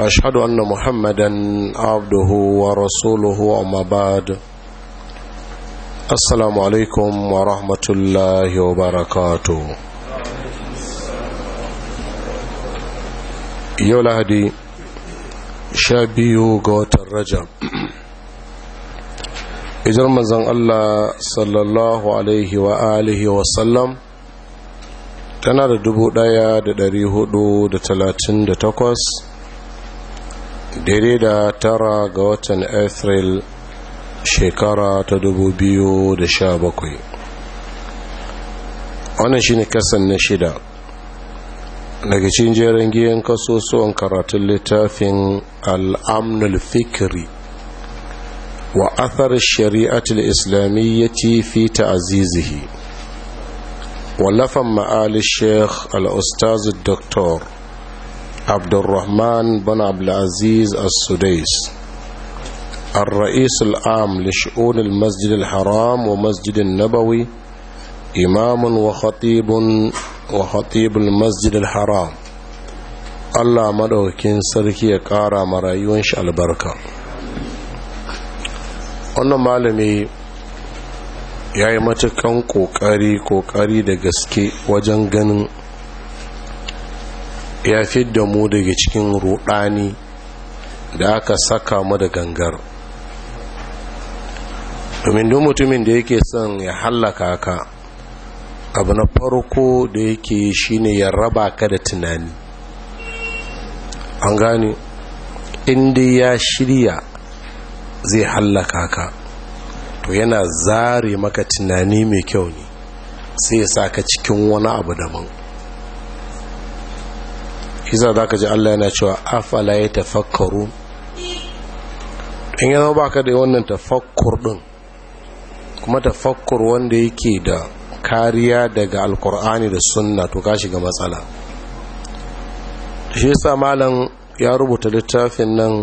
واشهد ان محمدا عبده ورسوله اما بعد السلام عليكم ورحمه الله وبركاته يا لهدي شابيو غوت الرجب اجر منزن الله صلى الله عليه واله وسلم tana da dubu ɗaya da ɗari hudu da talatin da takwas daidai da tara ga watan Afril shekara ta dubu biyu da sha bakwai. wannan shine kasan na shida daga cikin jerin giyan kasosuwan karatun littafin al'amnul fikiri wa athar shari'atul islamiyyati fi ta'azizihi wallafan ma'ali sheikh al-ustaz doktor abdurrahman bin abdulaziz as-sudais الرئيس العام لشؤون المسجد الحرام Nabawi, النبوي إمام masjidin Haram. المسجد الحرام Allah maɗaukin sarki ya ƙara marayuwan shi albarka wannan malami ya yi matukan ƙoƙari ƙoƙari da gaske wajen ganin ya fidda mu daga cikin rudani da aka saka mu da gangar domin duk mutumin da yake son ya hallaka ka abu na farko da yake shine ya raba ka da tunani an gane inda ya shirya zai hallaka ka to yana zare maka tunani mai kyau ne sai ya sa ka cikin wani abu daban shi za da ka ji Allah yana cewa afala ya tafakkaru in yana ba ka da wannan tafakkur din kuma tafakkur wanda yake da kariya daga alkur'ani da sunna to ka shiga matsala shi sa malam ya rubuta littafin nan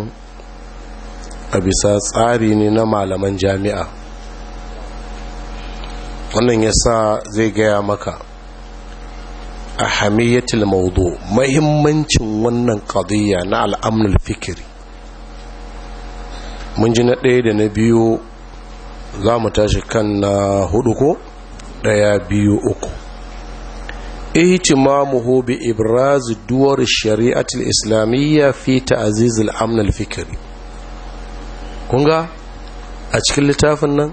a bisa tsari ne na malaman jami'a wannan ya sa zai gaya maka ahamiyatul maudu mahimmancin wannan qadiyya na al'amnul fikiri mun ji na ɗaya da na biyu za mu tashi kan na hudu ko ɗaya biyu uku ihtimamuhu bi ibraz duwar shari'atul islamiyya fi ta'ziz al-amn al-fikri kunga a cikin littafin nan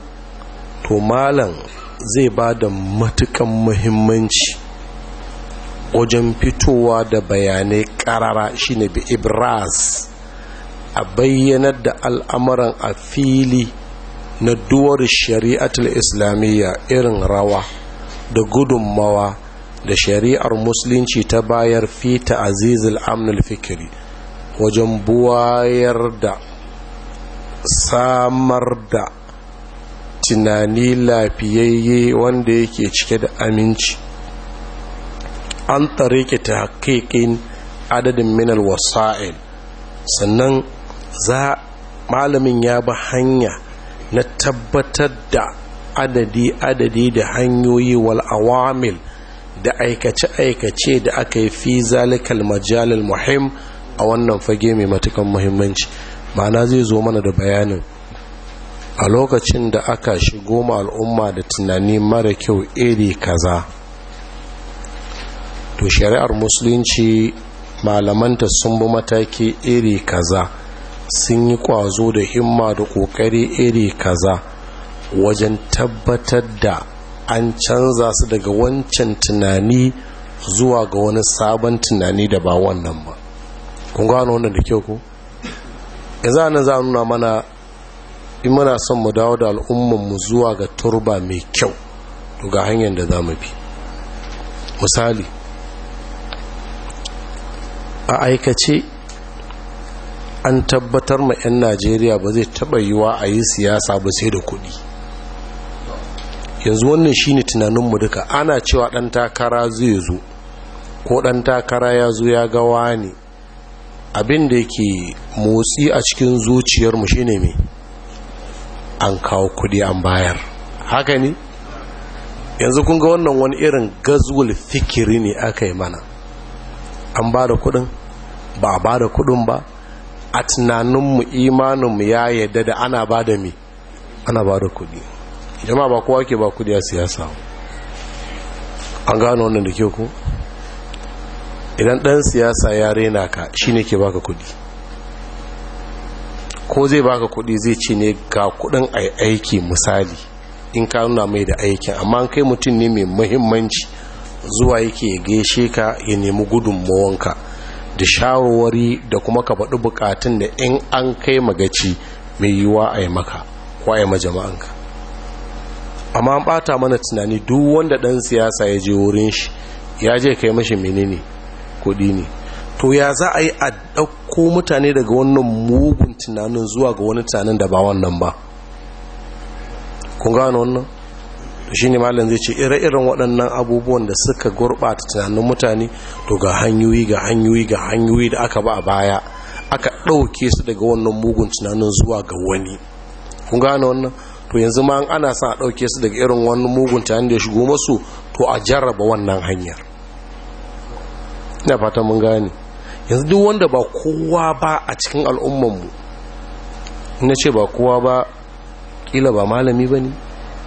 to malam zai ba da matukan muhimmanci wajen fitowa da bayanai karara shine bi ibras a bayyanar da al'amuran a fili na duwar shari'atul islamiyya irin rawa da gudunmawa da shari'ar musulunci ta bayar fita azizul amnul fikiri wajen buwayar da samar da tunani lafiyayye wanda yake cike da aminci an tarike ta hakikin adadin minal wasa'il sannan za malamin ya bi hanya na tabbatar da adadi-adadi da hanyoyi wal awamil da aikace-aikace da aka yi fi zalikal majalil muhim a wannan fage mai matukan muhimmanci ma'ana zai zo mana da bayanin a lokacin da aka shigo ma al'umma da tunani mara kyau iri kaza to shari'ar musulunci malamanta sun bi mataki iri kaza sun yi kwazo da himma da ƙoƙari iri kaza wajen tabbatar da an canza su daga wancan tunani zuwa ga wani sabon tunani da ba wannan ba kun gano wannan da kyau ku ya za na za nuna mana in muna son mu dawo da al'ummanmu zuwa ga turba mai kyau daga ga hanyar da za mu bi misali a aikace an tabbatar ma 'yan najeriya ba zai taba wa a yi siyasa ba sai da kudi yanzu wannan shine tunaninmu duka ana cewa dan takara zai zo ko dan takara ya zo ya ga wani abin da yake motsi a cikin zuciyarmu shine mai an kawo kudi an bayar haka ne yanzu kunga wannan wani irin gazwul fikiri ne aka yi mana an ba da kudin ba a ba da kudin ba a tunaninmu imaninmu ya yadda da ana ba da mi ana ba da kudi jama ba kowa ke ba kudi a siyasa an gano wannan da ke ku idan dan siyasa ya rena ka shi ne ke baka kudi ko zai baka kudi zai ce ne ga kudin aiki misali in ka nuna mai da aikin amma kai mutum ne mai muhimmanci zuwa yake gaishe ka ya nemi gudunmawanka da shawarwari da kuma ka faɗi bukatun da in an kai magaci mai yiwa a yi maka ko a yi majama'anka amma an ɓata mana tunani duk wanda ɗan siyasa ya je wurin shi ya je kai mashi menene kuɗi ne to ya za a yi a ɗauko mutane daga wannan mugun tunanin zuwa ga wani tunanin da ba wannan ba kun gano wannan to ne malam zai ce ire-iren waɗannan abubuwan da suka gurɓata tunanin mutane to ga hanyoyi ga hanyoyi ga hanyoyi da aka ba a baya aka ɗauke su daga wannan mugun tunanin zuwa ga wani kun gane wannan to yanzu ma ana sa a ɗauke su daga irin wannan mugun tunanin da ya shigo masu to a jarraba wannan hanyar ina fata mun gane yanzu duk wanda ba kowa ba a cikin al'ummanmu na ce ba kowa ba kila ba malami ba ne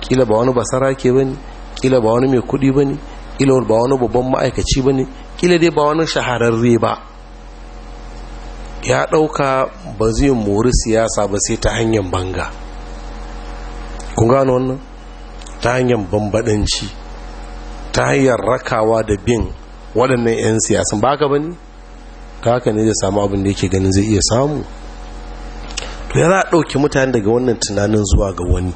kila ba wani basara ke bane kila ba wani mai kudi bane kila ba wani babban ma'aikaci bane kila dai ba wani shahararre ba ya dauka ba zai mori siyasa ba sai ta hanyar banga kun gano wannan ta hanyar bambadanci ta hanyar rakawa da bin waɗannan 'yan siyasan ba ka bane ta haka ne zai samu abin da yake ganin zai iya samu to ya za a ɗauki mutane daga wannan tunanin zuwa ga wani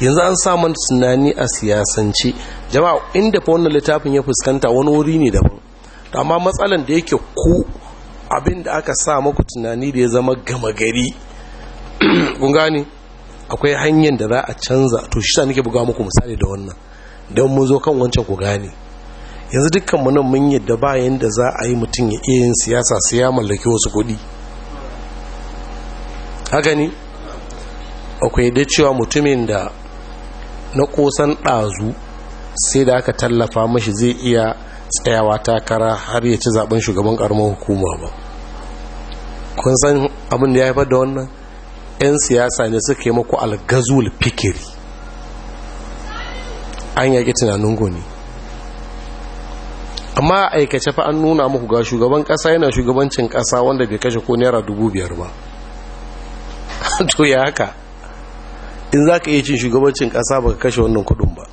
yanzu an sa man tunani a siyasance jama'a inda fa wannan littafin ya fuskanta wani wuri ne daban amma matsalan da yake ku abin da aka sa muku tunani da ya zama gama gari kun gane akwai hanyar da za a canza to shi sa nake buga muku misali da wannan don mu zo kan wancan ku gane yanzu dukkan mu nan mun yadda ba yanda za a yi mutum ya iya yin siyasa sai ya mallaki wasu kuɗi haka ne akwai da cewa mutumin da na kosan ɗazu sai da aka tallafa mashi zai iya tsayawa takara har ya ci zaben shugaban karamar hukuma ba kun san abin da ya haifar da wannan 'yan siyasa ne suka yi maku algazul fikiri an yaƙi tunanin goni amma a aikace fa an nuna muku ga shugaban ƙasa yana shugabancin ƙasa wanda bai kashe ko naira dubu biyar ba to ya haka in za ka iya cin shugabancin ƙasa ba ka kashe wannan kuɗin ba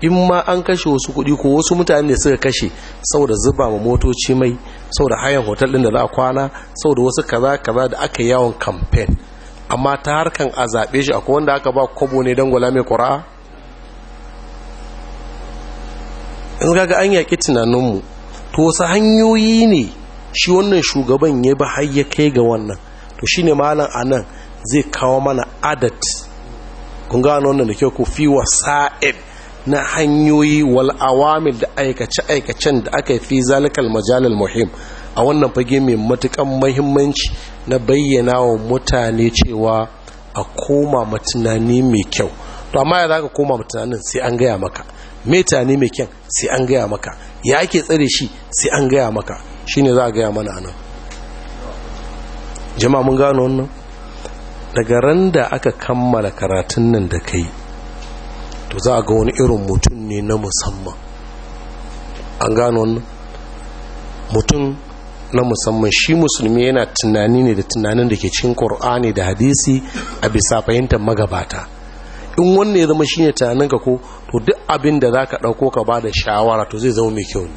in ma an kashe wasu kuɗi ko wasu mutane ne suka kashe saboda zuba ma motoci mai saboda hayan hotel ɗin da za a kwana saboda wasu kaza kaza da aka yawon kamfen amma ta harkan a zaɓe shi akwai wanda aka ba kwabo ne don gwala mai ƙura'a in ga an yaƙi tunaninmu to wasu hanyoyi ne shi wannan shugaban ya bi har kai ga wannan to shine malam anan zai kawo mana adat kun gano wannan da kyau ku fi wasa'id na hanyoyi wal awamil da aikace aikacen da aka fi zalikal majalal muhim a wannan fage mai matukan muhimmanci na bayyana wa mutane cewa a koma matunani mai kyau to amma ya zaka koma mutanen sai an gaya maka tani mai kyau sai an gaya maka ya ake tsare shi sai an gaya maka shine za a gaya mana anan. jama'a mun gano wannan daga ran da aka kammala karatun nan da kai to za a ga wani irin mutum ne na musamman an gano wannan mutum na musamman shi musulmi yana tunani ne da tunanin da ke cikin ƙor'ani da hadisi a bisa fahimtar magabata in wannan ya zama shi ne tunaninka ko to duk abin da za ka ɗauko ka ba da shawara to zai zama mai kyau ne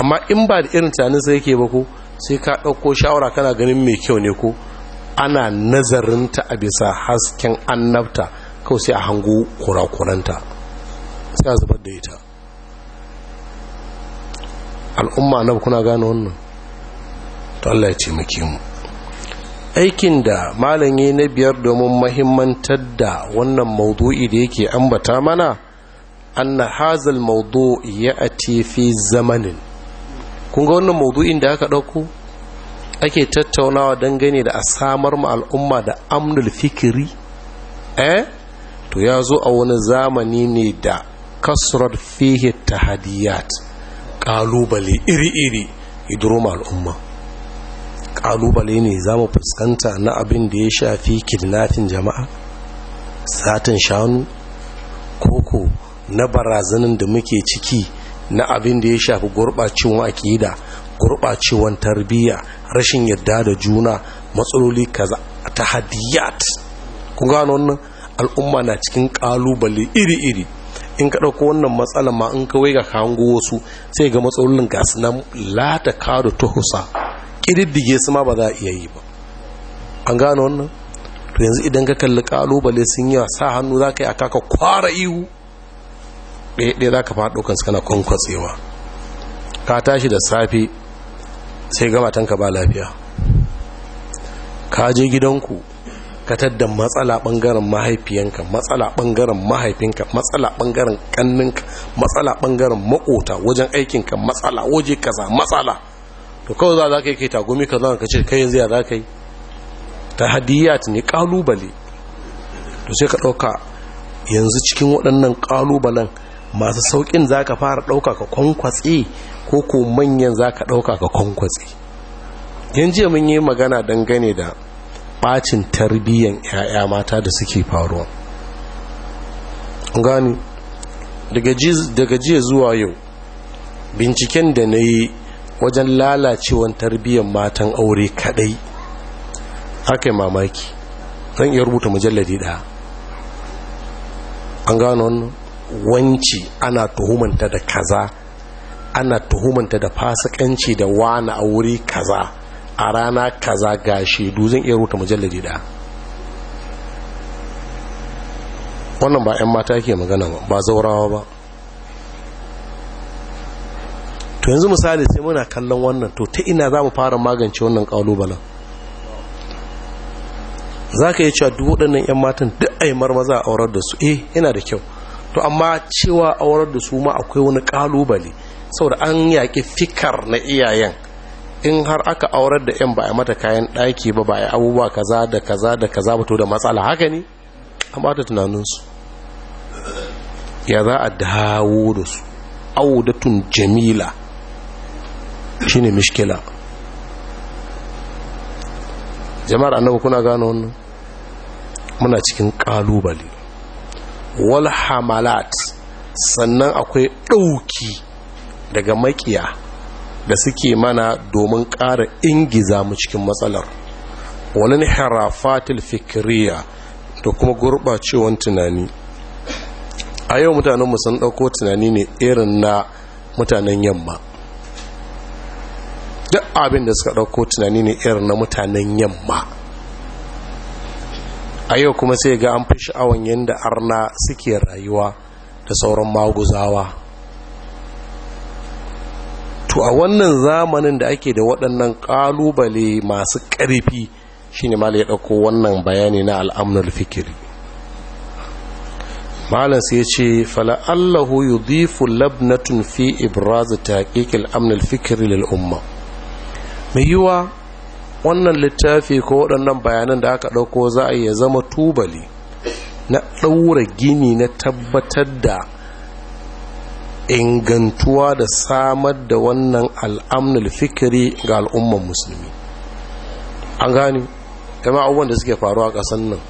amma in ba da irin tunanin sai yake ba ko sai ka ɗauko shawara kana ganin mai kyau ne ko ana nazarinta a bisa hasken annabta kawai sai a hango kurakuranta sai a zubar da ita al'umma na kuna gano wannan to Allah ya ce muke mu aikin da malami na biyar domin mahimmantar da wannan maudu'i da yake ambata mana anna hazal maudu ya fi zamanin kun ga wannan maudu'in da aka dauko ake tattaunawa dangane da a samar ma al'umma da amnul fikiri eh to ya zo a wani zamani ne da kasurar fihe hadiyat kalubale iri-iri idroma al'umma kalubale ne za mu fuskanta na abin da ya shafi kidnafin jama'a satin shanu koko na barazanin da muke ciki na abin da ya shafi gurɓacin aƙida gurɓacewan tarbiyya rashin yadda da juna matsaloli kaza ta hadiyat kun gano wannan al'umma na cikin ƙalubale iri-iri in ka ɗauko wannan matsala ma in kawai ga hango wasu sai ga matsalolin ga su nan lata kado ta husa ƙididdige su ma ba za a iya yi ba an gano wannan to yanzu idan ka kalli ƙalubale sun yi sa hannu za ka yi a kaka kwara ihu ɗaya ɗaya za ka faɗo kansu kana kwankwasewa ka tashi da safe sai gabatanka ba lafiya ka je gidanku ka tadda matsala bangaren mahaifiyanka matsala bangaren mahaifinka matsala bangaren kanninka matsala bangaren makota wajen aikinka matsala waje kaza matsala to kawai za za ka yi kai tagomi ka zama ka ce kai yanzu ya za ka yi ta ta ne kalubale to sai ka ɗauka yanzu cikin waɗannan kalubalen masu saukin za ka fara ɗauka ka kwankwatse ko ko manyan za ka ɗauka ka kwankwatse jiya mun yi magana dangane da ɓacin tarbiyyar 'ya'ya mata da suke faruwa gani daga jiya zuwa yau binciken da na yi wajen lalacewan tarbiyyar matan aure kadai aka yi mamaki zan iya rubuta mujalladi ɗaya an gano wannan wanci ana tuhumanta da kaza ana tuhumanta da fasikanci da wani a wuri kaza a rana kaza ga shaidu zan iya rota mujalladi da wannan ba 'yan mata ke magana ba ba zaurawa ba to yanzu misali sai muna kallon wannan to ta ina za mu fara magance wannan kalubalen za ka yi cewa duk waɗannan 'yan matan duk aimar maza a aurar da su eh yana da kyau to amma cewa aurar da su ma akwai wani kalubale saboda an yaƙi fikar na iyayen in har aka aurar da yan ba mata kayan ɗaki ba ba a abubuwa kaza da kaza da kaza ba to da matsala haka ne an ba ta tunaninsu ya za a dawo da su audatun jamila shi ne mishkila jama'ar annabi kuna gano wannan muna cikin kalubale wal hamalat sannan akwai ɗauki daga makiya da suke mana domin ƙara ingiza mu cikin matsalar wani harafatil fikiriya da kuma gurɓacewan tunani a yau mutanen sun ɗauko tunani ne irin na mutanen yamma duk abinda suka ɗauko tunani ne irin na mutanen yamma a yau kuma sai ga an fi sha'awan yadda arna suke rayuwa da sauran maguzawa to a wannan zamanin da ake da waɗannan ƙalubale masu ƙarfi shine mala ya ɗauko wannan bayani na al'amnul fikiri malam sai ce fala'allahu zifu labnatun fi ibrazu ƙiƙil amnul fikiri lil'umma umma mai yiwa wannan littafi ko waɗannan bayanan da aka ɗauko za a iya zama tubali na ɗaura gini na tabbatar da ingantuwa da samar da wannan al'amnul fikiri ga al'umman musulmi an gani kama abubuwan da suke faruwa ƙasan nan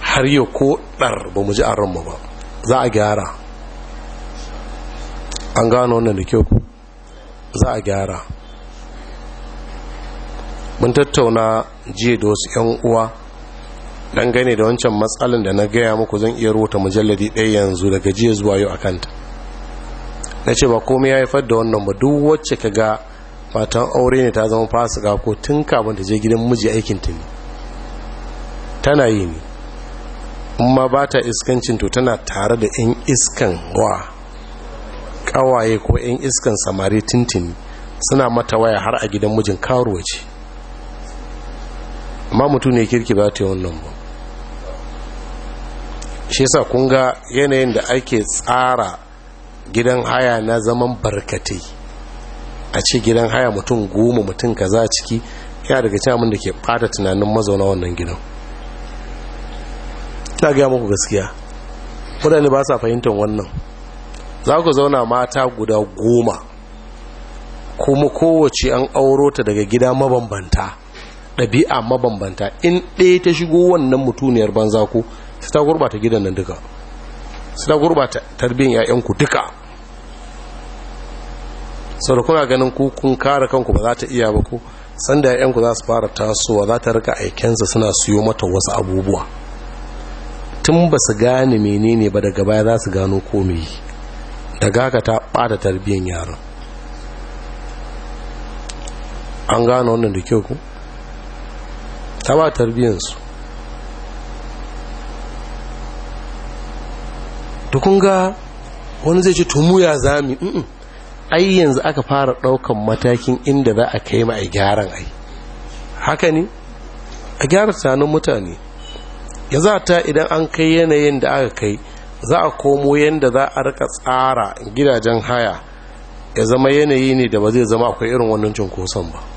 har yau ko ɗar ba mu ji a ranmu ba za a gyara an gano wannan da kyau za a gyara mun tattauna jiya da wasu 'yan uwa gane da wancan matsalin da na gaya muku zan iya rubuta mujalladi ɗaya yanzu daga jiya zuwa yau a kanta na ce ba komai ya haifar da wannan ba duk wacce ka ga matan aure ne ta zama fasika ko tun kafin ta je gidan miji aikin ta ne tana yi ne amma ba ta iskancin to tana tare da 'yan iskan wa kawaye ko 'yan iskan samari tintini suna mata waya har a gidan mijin karuwa ce amma mutum ne kirki ba ta yi wannan ba shi sa kun ga yanayin da ake tsara gidan haya na zaman barkatai a ce gidan haya mutum goma mutum ka kaza ciki ya daga camin da ke bata tunanin mazauna wannan gidan ta gaya muku gaskiya wadanda ba sa fahimtar wannan za ku zauna mata guda goma kuma kowace an auro ta daga gida mabambanta ɗabi'a mabambanta in ɗaya ta shigo wannan mutuniyar banza ku su ta gurbata gidan nan duka su ta gurbata tarbiyyar 'ya'yanku duka sau da kuna ganin ku kun kare kanku ba za ta iya ba ku sanda 'ya'yanku za su fara tasowa za ta rika aikensa suna siyo mata wasu abubuwa tun ba su gane menene ba daga baya za su gano komai daga haka ta ɓata tarbiyyar yaron an gane wannan da kyau ku ta ba tarbiyyansu ga wani zai ce tumu ya zami ai yanzu aka fara daukan matakin inda za a kai ma a gyaran ai haka ne a gyara tsanin mutane ya za ta idan an kai yanayin da aka kai za a komo yadda za a rika tsara gidajen haya ya zama yanayi ne da ba zai zama akwai irin wannan cunkoson ba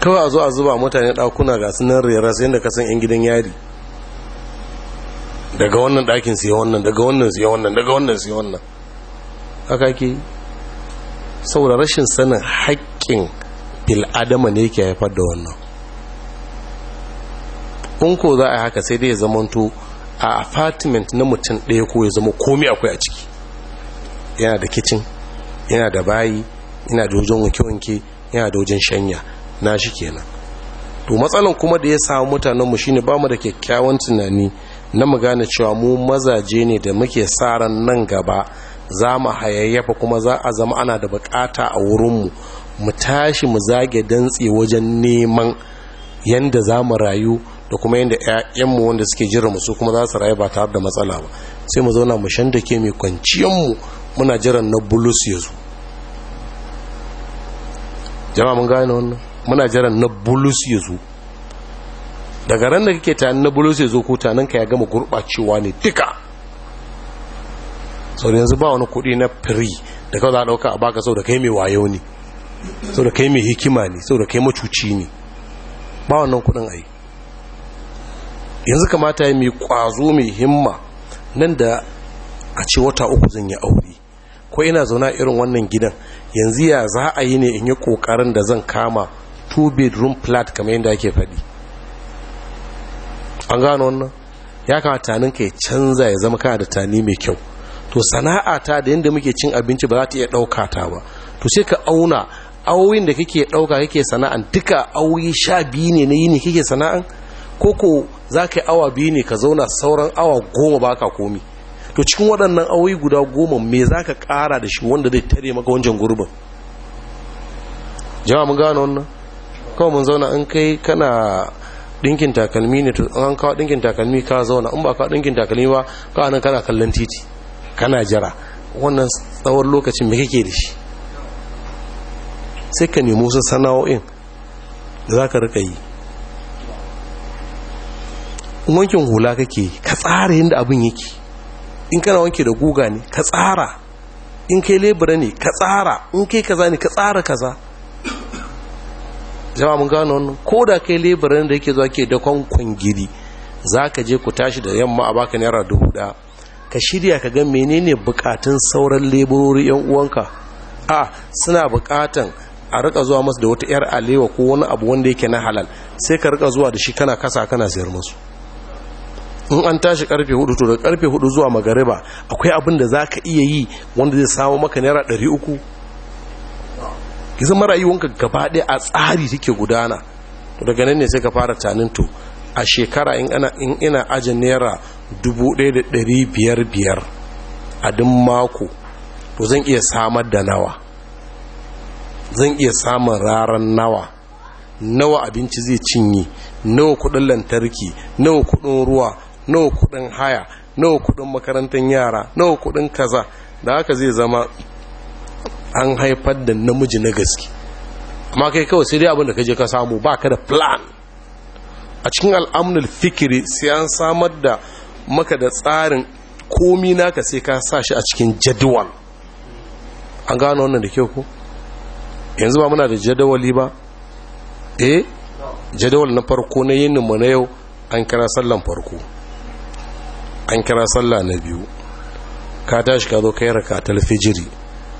kawai a zo a zuba mutane ɗakuna ga sunan rera sai da kasan 'yan gidan yari daga wannan ɗakin siya wannan daga wannan siya wannan daga wannan siya wannan haka ke saboda rashin sanin haƙƙin bil'adama ne ke haifar da wannan in ko za a yi haka sai dai ya zamanto a apartment na mutum ɗaya ko ya zama komi akwai a ciki yana da kicin yana da bayi yana da wajen wanke-wanke yana da wajen shanya na shi kenan to matsalan kuma da ya samu mutanenmu shine ba mu da kyakkyawan tunani na mu gane cewa mu mazaje ne da muke saran nan gaba za mu hayayyafa kuma za a zama ana da bukata a wurinmu mu tashi mu zage dantse wajen neman yanda za mu rayu da kuma yanda ƴaƴanmu wanda suke jira mu su kuma za su rayu ba tare da matsala ba sai mu zauna mu shan da ke mai kwanciyanmu muna jiran na bulus ya zo jama'a mun gane wannan muna jiran na bulus ya zo daga ran da kake tunanin na bulus ya zo ko ka ya gama gurɓacewa ne duka sau yanzu ba wani kuɗi na firi da kawai za a ɗauka a baka sau da kai mai wayo ne sau da kai mai hikima ne sau da kai macuci ne ba wannan kuɗin ai yanzu kamata ya mai ƙwazo mai himma nan da a ce wata uku zan yi aure ko ina zauna irin wannan gidan yanzu ya za a yi ne in yi ƙoƙarin da zan kama two bedroom flat kamar yadda ake faɗi an gano wannan ya kamata tanin ka ya canza ya zama kana da tani mai kyau to sana'a ta da yadda muke cin abinci ba za ta iya ɗauka ta ba to sai ka auna auyin da kake ɗauka kake sana'an duka auyi sha biyu ne na yi ne kake sana'an ko ko za ka yi awa biyu ne ka zauna sauran awa goma ba ka komi to cikin waɗannan auyi guda goma me za ka ƙara da shi wanda zai tare maka wancan gurbin jama'a mun gano wannan kawai mun zauna an kai kana dinkin takalmi ne to an kawo dinkin takalmi ka zauna in ba ka dinkin takalmi ba ka nan kana kallon titi kana jira wannan tsawon lokacin me kake da shi sai ka nemo su sana'o'in da za ka rika yi wankin hula kake ka tsara yadda abin yake in kana wanke da guga ne ka tsara in kai lebura ne ka tsara in kai kaza ne ka tsara kaza jama mun gano wannan ko da kai leburan da yake zuwa ke dakon kwangiri za ka je ku tashi da yamma a baka naira dubu ɗaya ka shirya ka ga menene bukatun sauran leburori yan uwanka a suna bukatan a rika zuwa masu da wata yar alewa ko wani abu wanda yake na halal sai ka rika zuwa da shi kana kasa kana sayar musu in an tashi karfe hudu to da karfe hudu zuwa magariba akwai abin da za ka iya yi wanda zai samu maka naira ɗari uku ki zama rayuwanka gaba ɗaya a tsari take gudana daga nan ne sai ka fara tanin to a shekara in ana in ina ajin naira dubu ɗaya da ɗari biyar biyar a duk mako to zan iya samar da nawa zan iya samun raran nawa nawa abinci zai cinye nawa kudin lantarki nawa kudin ruwa nawa kudin haya nawa kudin makarantar yara nawa kudin kaza da haka zai zama an haifar da namiji na gaske amma kai kawai sai dai abin da ka je ka samu baka da plan a cikin al'amnul fikiri sai an samar da maka da tsarin komi naka sai ka sa shi a cikin jadawal an gano wannan da kyau ko yanzu ba muna da jadawali ba eh jadawal na farko na yin mu na yau an kira sallan farko an kira sallah na biyu ka tashi ka zo kai rakatul fijiri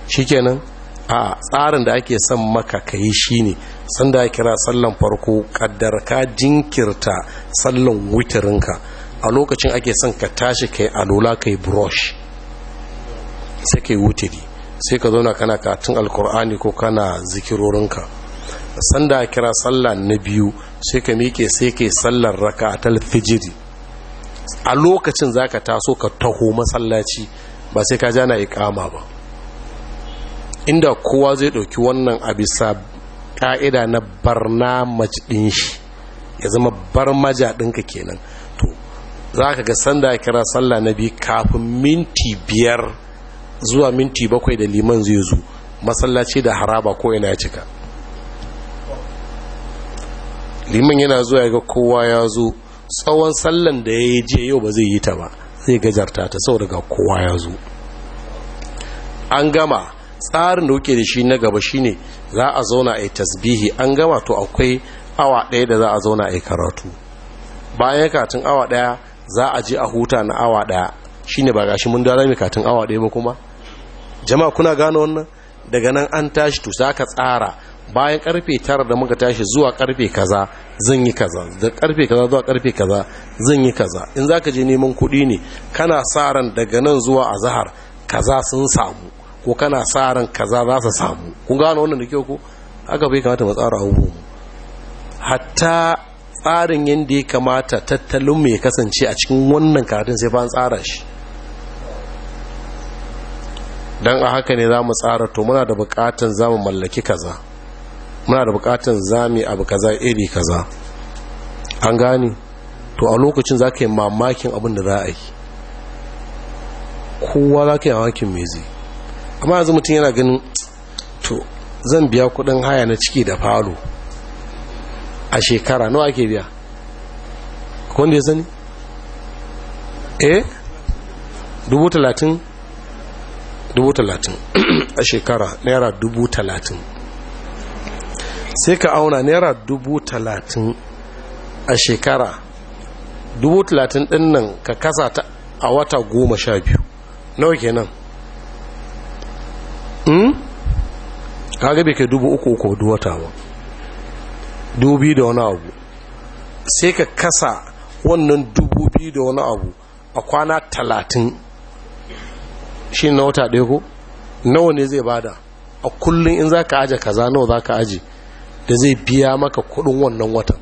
shikenan a tsarin da ake son maka ka yi shi ne, sanda ya kira sallan farko kaddar ka jinkirta sallan witirinka a lokacin ake son ka tashi ka kai alola yi brush sai ka yi wutiri sai ka zauna kana katin alkur'ani ko kana zikirorinka sanda a kira sallan na biyu sai ka miƙe sai yi sallar raka a talfijiri a lokacin za ka taso ka taho masallaci ba sai ka jana ikama ba inda kowa zai ɗauki wannan a bisa ƙa'ida na barna ɗin shi ya zama barmaja ɗinka kenan to za ka ga sanda kira sallah na biyu kafin minti biyar zuwa minti bakwai da liman zai zo masallaci da haraba ko yana cika liman yana zuwa ya ga kowa ya zo tsawon sallan da ya yi je yau ba zai yi ta ba zai gajarta ta sau daga kowa ya zo an gama tsarin da wuke da shi na gaba shine za a zauna ai tasbihi an gama to akwai awa ɗaya da za a zauna ai karatu bayan katin awa ɗaya za a je a huta na awa ɗaya shine ba gashi mun dala mai katin awa ɗaya ba kuma jama'a kuna gano wannan daga nan an tashi to za ka tsara bayan karfe tara da muka tashi zuwa karfe kaza zan yi kaza da karfe kaza zuwa karfe kaza zan yi kaza in za ka je neman kuɗi ne kana sa ran daga nan zuwa azahar kaza sun samu ko kana sa ran kaza za su samu kun gano wannan da kyau ko aka bai kamata mu tsara abubuwan hatta tsarin yadda ya kamata tattalin mai kasance a cikin wannan karatun sai ba tsara shi don a haka ne za mu tsara to muna da bukatan za mu mallaki kaza muna da bukatan za mu abu kaza iri kaza an gani to a lokacin za ka yi mamakin abin da za a yi kowa za ka yi mamakin mai zai amma yanzu mutum yana ganin to zan biya kudin haya na ciki da falo a shekara nawa ake biya wanda ya sani eh dubu talatin dubu talatin a shekara naira dubu talatin sai ka auna naira dubu talatin a shekara dubu talatin din nan ka kasa ta a wata goma sha biyu nawa kenan Hmm? kaga bai kai dubu uku uku duk wata ba dubi da wani abu sai ka kasa wannan dubu biyu da wani abu a kwana talatin shi na wata ɗaya ko nawa ne zai bada a kullum in za ka aje kaza nawa za ka aji da zai biya maka kudin wannan watan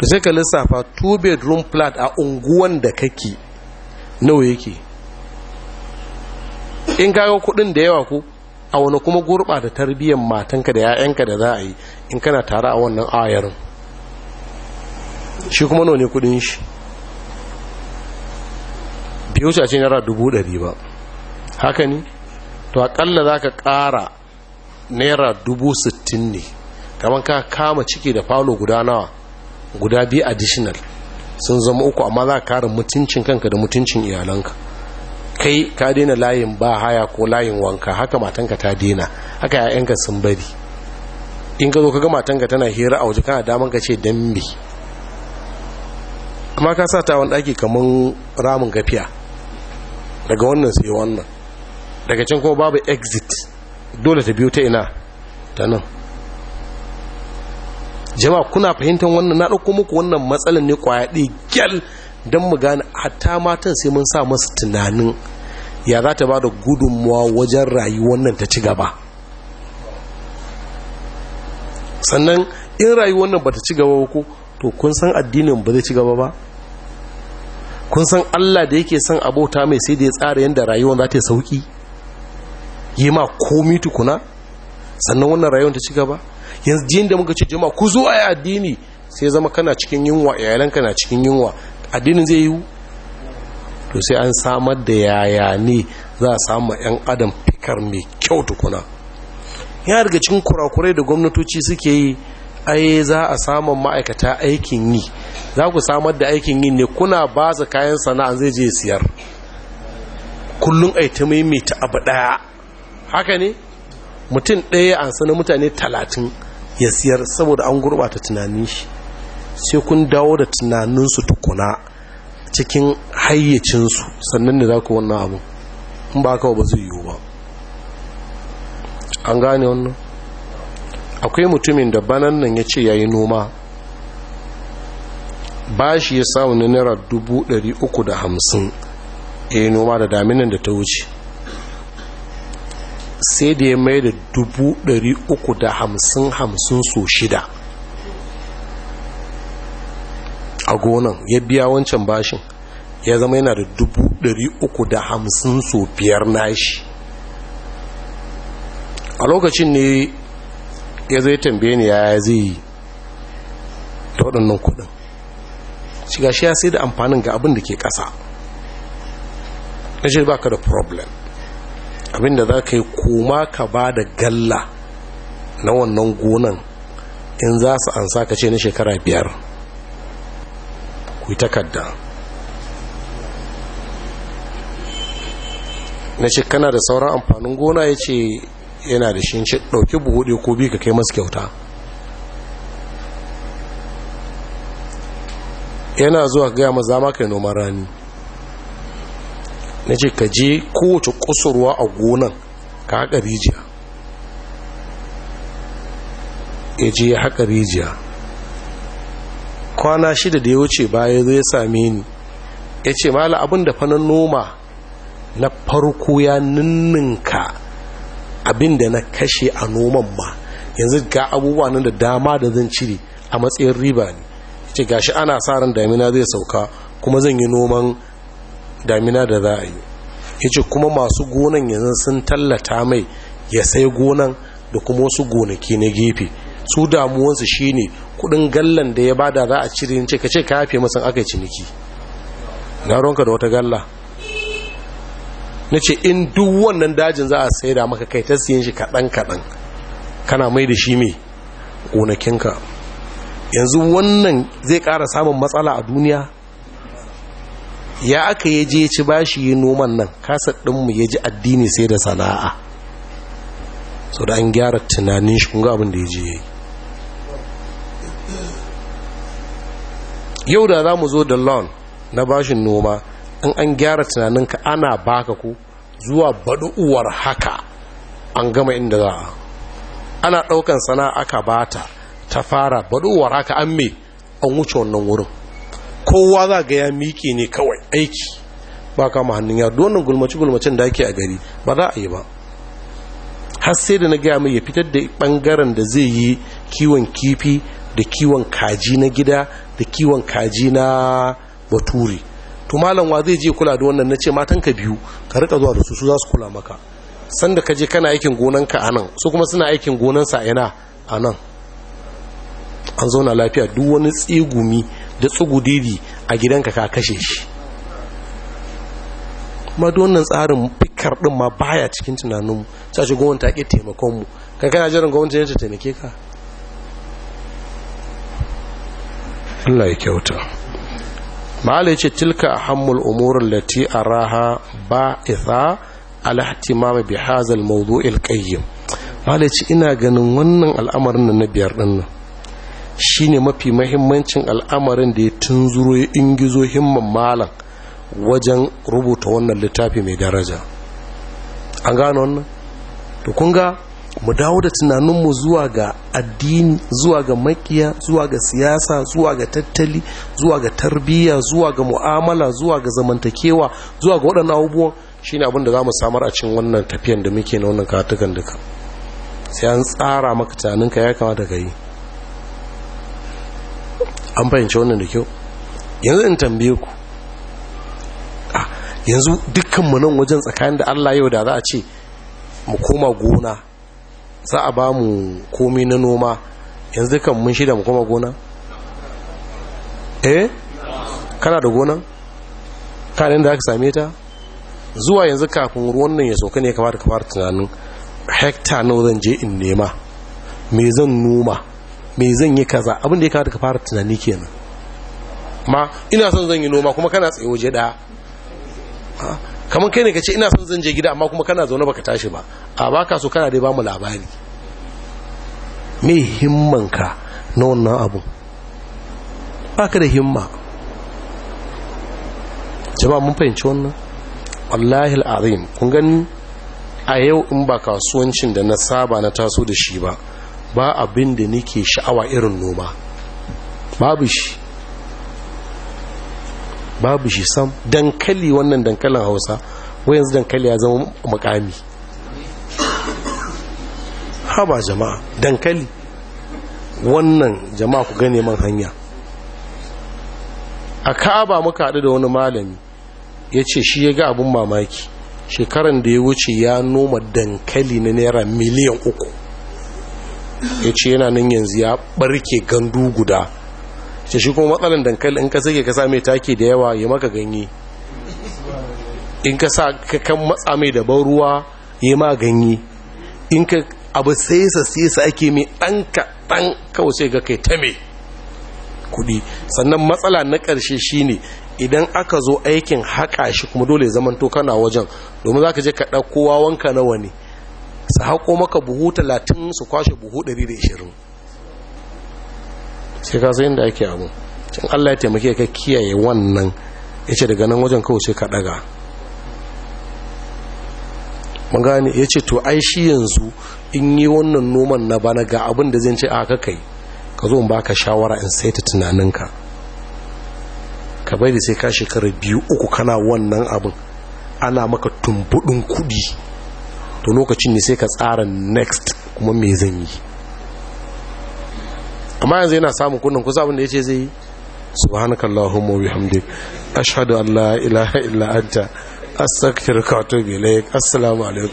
da sai ka lissafa two bedroom flat a unguwan da kake nawa yake in ga kuɗin da yawa ku, a wani kuma gurɓata tarbiyyar matanka da 'ya'yanka da za a yi in kana tare a wannan ayarin shi kuma none kuɗin shi biyu ce a ce yara dubu ɗari ba haka ni, to akalla za ka ƙara naira dubu sittin ne kamar ka kama ciki da falo guda nawa guda biyu additional sun zama uku amma za ka kara mutuncin kanka da mutuncin iyalanka kai ka daina layin ba haya ko layin wanka haka matanka ta daina haka yayanka sun bari in ka zo ka ga matanka tana hira a waje kana daman ka ce dan me amma ka sa ta wani daki kaman ramin gafiya daga wannan sai wannan daga can kuma babu exit dole ta biyo ta ina ta nan jama'a kuna fahimtar wannan na ɗauko muku wannan matsalan ne kwaya ɗi gyal don mu gane hatta matan sai mun sa masu tunanin ya za ta ba da gudunmuwa wajen rayuwar nan ta ci gaba sannan in rayuwar nan ba ta ci gaba ko to kun san addinin ba zai ci gaba ba kun san allah da yake son abota mai sai da ya tsara yadda rayuwar za ta sauki yi ma komi tukuna sannan wannan rayuwar ta ci gaba yanzu jin da muka ce jima ku zo a yi addini sai zama kana cikin yunwa iyalanka na cikin yunwa addinin zai yiwu to sai an samar da yaya ne za a samu 'yan adam fikar mai kyau tukuna yana daga cikin kurakurai da gwamnatoci suke yi ai za a samu ma'aikata aikin yi za ku samar da aikin yi ne kuna ba su kayan sana'a zai je siyar kullum a ta maimaita abu ɗaya. haka ne mutum ɗaya an sanar mutane talatin ya siyar saboda an gurɓata tunanin shi sai kun dawo da tunaninsu tukuna cikin hayyacinsu sannan da za ku wannan abu in ba kawo ba zai yiwu ba an gane wannan akwai mutumin da banan nan ya ce ya yi noma ba shi ya samu na naira 350 ya yi noma da daminan da ta wuce sai da ya mai da 350 hamsin so shida a gonan ya biya wancan bashin ya zama yana da dubu ɗari uku da hamsin so biyar nashi a lokacin ne ya zai tambaye ni ya zai yi da waɗannan kuɗin shiga shi ya sai da amfanin ga abin da ke ƙasa na shi ba ka da problem abin da za ka yi koma ka ba da galla na wannan gonan in za su ansa ka ce na shekara biyar ku takarda na ce kana da sauran amfanin gona ya ce yana da shi ce ɗauki buhuɗe ko biyu ka kai masu kyauta yana zuwa gaya maza maka yi noman rani na ce ka je kowace kusurwa a gonan ka haƙa rijiya ya je ya haƙa rijiya kwana shida da ya wuce baya zai same ni ya ce mala abin da na noma na farko ya ninninka abin da na kashe a noman ma yanzu ga abubuwa nan da dama da zan cire a matsayin riba ne ya ce gashi ana sa ran damina zai sauka kuma zan yi noman damina da za a yi ya ce kuma masu gonan yanzu sun tallata mai ya sai gonan da kuma wasu gonaki na gefe su damuwansu shi ne kudin gallan da ya bada za a cire ce ka ce ka yafe masan aka ciniki na ronka da wata galla na ce in duk wannan dajin za a sai da maka kai ta siyan shi kaɗan-kaɗan kana mai da shi mai gonakinka yanzu wannan zai ƙara samun matsala a duniya ya aka yi je ci bashi yi noman nan kasar ɗinmu ya ji addini sai da sana'a sau da an gyara tunanin shi kunga abin da ya je ya yi yau da za mu zo da loan na bashin noma in an gyara tunaninka ana baka ku zuwa badu'uwar haka an gama inda za a ana ɗaukan sana'a aka bata ta fara badu'uwar haka an me an wuce wannan wurin kowa za ga ya miƙe ne kawai aiki ba kama hannun ya donin gulmace-gulmacen da ake a gari ba za a yi ba har sai da na gaya mai ya fitar da ɓangaren da zai yi kiwon kifi da kiwon kaji na gida da kiwon kaji na baturi to malam wa zai je kula da wannan ce matan ka biyu ka rika zuwa da su su za su kula maka sanda ka je kana aikin gonanka anan su kuma suna aikin gonansa ina anan an zauna lafiya duk wani tsigumi da tsugudidi a gidanka ka kashe shi kuma don wannan tsarin fikar din ma baya cikin tunaninmu sai ce gwamnati ta ke taimakon mu kai kana jiran gwamnati ne ta taimake ka Allah ya kyauta ma'ala ce tilka a hammul umurin lati a raha ba itha alahtimama bi hazal mawdu'il qayyim ma'ala ce ina ganin wannan al'amarin nan na biyar din shi shine mafi mahimmancin al'amarin da ya tunzuro ya ingizo himman malam wajen rubuta wannan littafi mai daraja an gano wannan to kun mu dawo da tunaninmu zuwa ga addini zuwa ga makiya zuwa ga siyasa zuwa ga tattali zuwa ga tarbiyya zuwa ga mu'amala zuwa ga zamantakewa zuwa ga waɗannan abubuwan ne abin da za mu samar a cikin wannan tafiyan da muke na wannan katukan duka sai an tsara maka tunaninka ya kamata ka yi an fahimci wannan da kyau yanzu in tambaye ku ah, yanzu dukkanmu nan wajen tsakanin da allah yau da za a ce mu koma gona za a ba mu komi na noma yanzu kan mun shida mu kuma gona eh kana da gona kanin da aka same ta zuwa yanzu kafin ruwan nan ya sauka ne kamar kamar tunanin hekta nawa zan je in nema me zan noma me zan yi kaza abin da ya kamata ka fara tunani kenan ma ina son zan yi noma kuma kana tsaye waje ɗaya. Ah, kamar kai ne ka ce ina son zan je gida amma kuma kana zaune baka tashi ba a baka so kana dai bamu labari me ka na wannan abu baka da himma jama'a mun fahimci wannan wallahi al'azim kun gani a yau in ba kasuwancin da na saba na taso da shi ba ba abin da nake sha'awa irin noma babu shi babu shi sam dankali wannan dankalin hausa wai yanzu dankali ya zama makami haba jama'a dankali wannan jama'a ku gane man hanya a ka'aba muka haɗu da wani malami ya ce shi ya ga abin mamaki shekaran da ya wuce ya noma dankali na naira miliyan uku ya ce yana nan yanzu ya ɓarke gandu guda ce shi kuma matsalin dankali in ka sake ka sa mai taki da yawa ya maka ganye in ka sa ka kan matsa mai da ban ruwa yi ma ganye in ka abu sai sa ake mai ɗan ɗan kawai sai ga kai ta mai kuɗi sannan matsala na ƙarshe shine idan aka zo aikin haƙa shi kuma dole zaman to kana wajen domin za ka je ka kowa wanka nawa ne su haƙo maka buhu talatin su kwashe buhu ɗari da ishirin sai ka san da ake abu in Allah ya taimake ka kiyaye wannan ya ce daga nan wajen kawai sai ka daga mun ya ce to ai shi yanzu in yi wannan noman na bana ga abin da zai ce a kakai ka zo in ka shawara in sai ta tunaninka ka da sai ka shekara biyu uku kana wannan abin ana maka tumbudin kudi to lokacin ne sai ka tsara next kuma me zan yi amma yanzu yana samun kunnan kusa abin da ya ce zai yi subhanaka allahumma wa bihamdik ashhadu an la ilaha illa anta astaghfiruka wa atubu ilaik assalamu alaikum